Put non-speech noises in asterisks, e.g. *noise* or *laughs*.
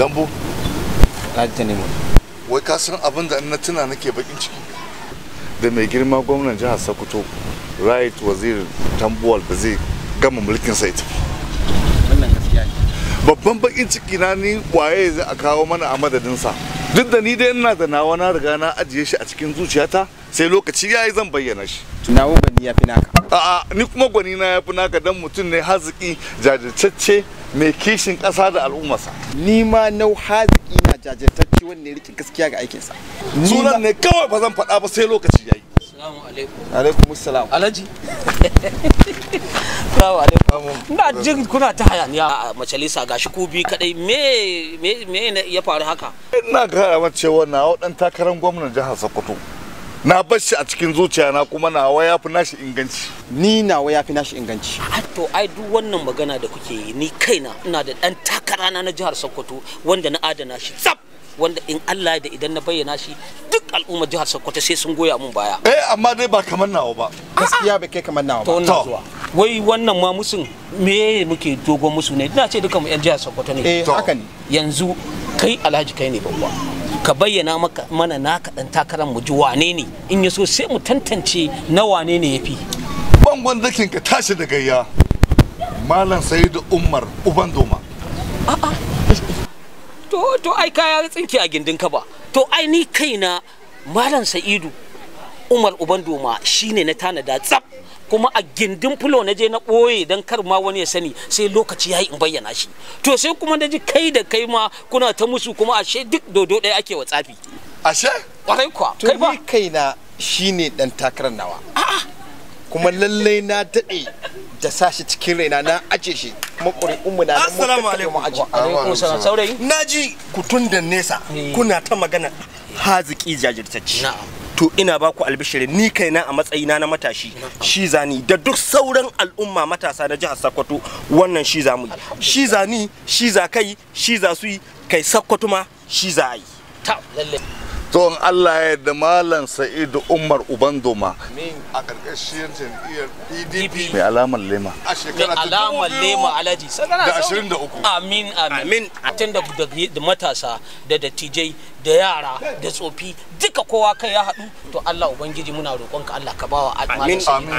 dambo na ji ta nemo wai ka san abin da na tuna nake bakin ciki da mai girma gwamnan jihar sokoto right wazir tambuwal da zai gama mulkin sai babban bakin ciki na ni waye zai a kawo mana a madadinsa duk da ni dai ina da nawa na riga na ajiye shi a cikin zuciyata sai lokaci yayi zan bayyana shi tunawo gani ya fi naka a'a ni kuma gwani na ya fi naka dan mutum ne haziki jajirtacce mai kishin ƙasa da al'ummarsa ni ma nau haziki na jajirtacci wanda ya rike gaskiya ga aikinsa sunan ne kawai ba zan faɗa ba sai lokaci yayi Assalamu alaikum. Alaikum assalam. Alhaji. *laughs* Assalamu alaikum. Ina jin kuna ta hayaniya a majalisa gashi ku bi kadai me me me ya faru haka? Ina ga cewa na dan takarar gwamnatin jihar Sokoto. na bar shi a cikin zuciya na kuma na ya fi nashi inganci ni na ya fi nashi inganci to ai duk wannan magana da kuke yi ni kaina ina da dan takara na na jihar Sokoto wanda na adana shi tsaf wanda in Allah da idan na bayyana shi duk al'ummar jihar Sokoto sai sun goya mun baya eh amma dai ba kamar nawa ba gaskiya ba kai kamar nawa ba to zuwa wai wannan ma musun me muke dogon musu ne ina ce dukan mu yan jihar Sokoto ne eh haka ne yanzu kai Alhaji kai ne babba ka bayyana mana naka dan takarar mu ji wane ne in ya so sai mu tantance na wane ne yafi bangon zakin ka tashi da gayya malam Saidu umar uban doma a'a to to ai kaya tsinki a gindin ka ba to ai ni kaina malam sa'idu umar uban doma shine na tanada tsab kuma a gindin fulo na je na ɓoye don kar ma wani ya sani sai lokaci ya yi in bayyana shi to sai kuma na ji kai da kai ma kuna ta musu kuma ashe duk dodo ɗaya ake wa tsafi ashe kwarai kuwa kai ba kaina ne dan takarar nawa kuma lallai na daɗe da sashi cikin raina na aje shi kuma ƙuri'un mu na nan assalamu alaikum kutun da nesa eh. kuna ta magana haziki jajirtacci na'am to ina ba ku albishiri ni kaina a matsayina na matashi shi zani da duk sauran al'umma matasa na jihar Sokoto wannan shi za mu yi shi zani shi za kai shi za su yi kai Sokoto ma shi za yi to Allah ya yarda malam Sa'idu Umar Ubandoma a karkashin jam'iyyar PDP mai alamar lema a shekara ta alamar lema alaji da uku. amin amin atin tun da matasa da dattijai da yara da tsofi duka kowa kai ya haɗu to Allah ubangiji muna roƙonka Allah ka bawa amin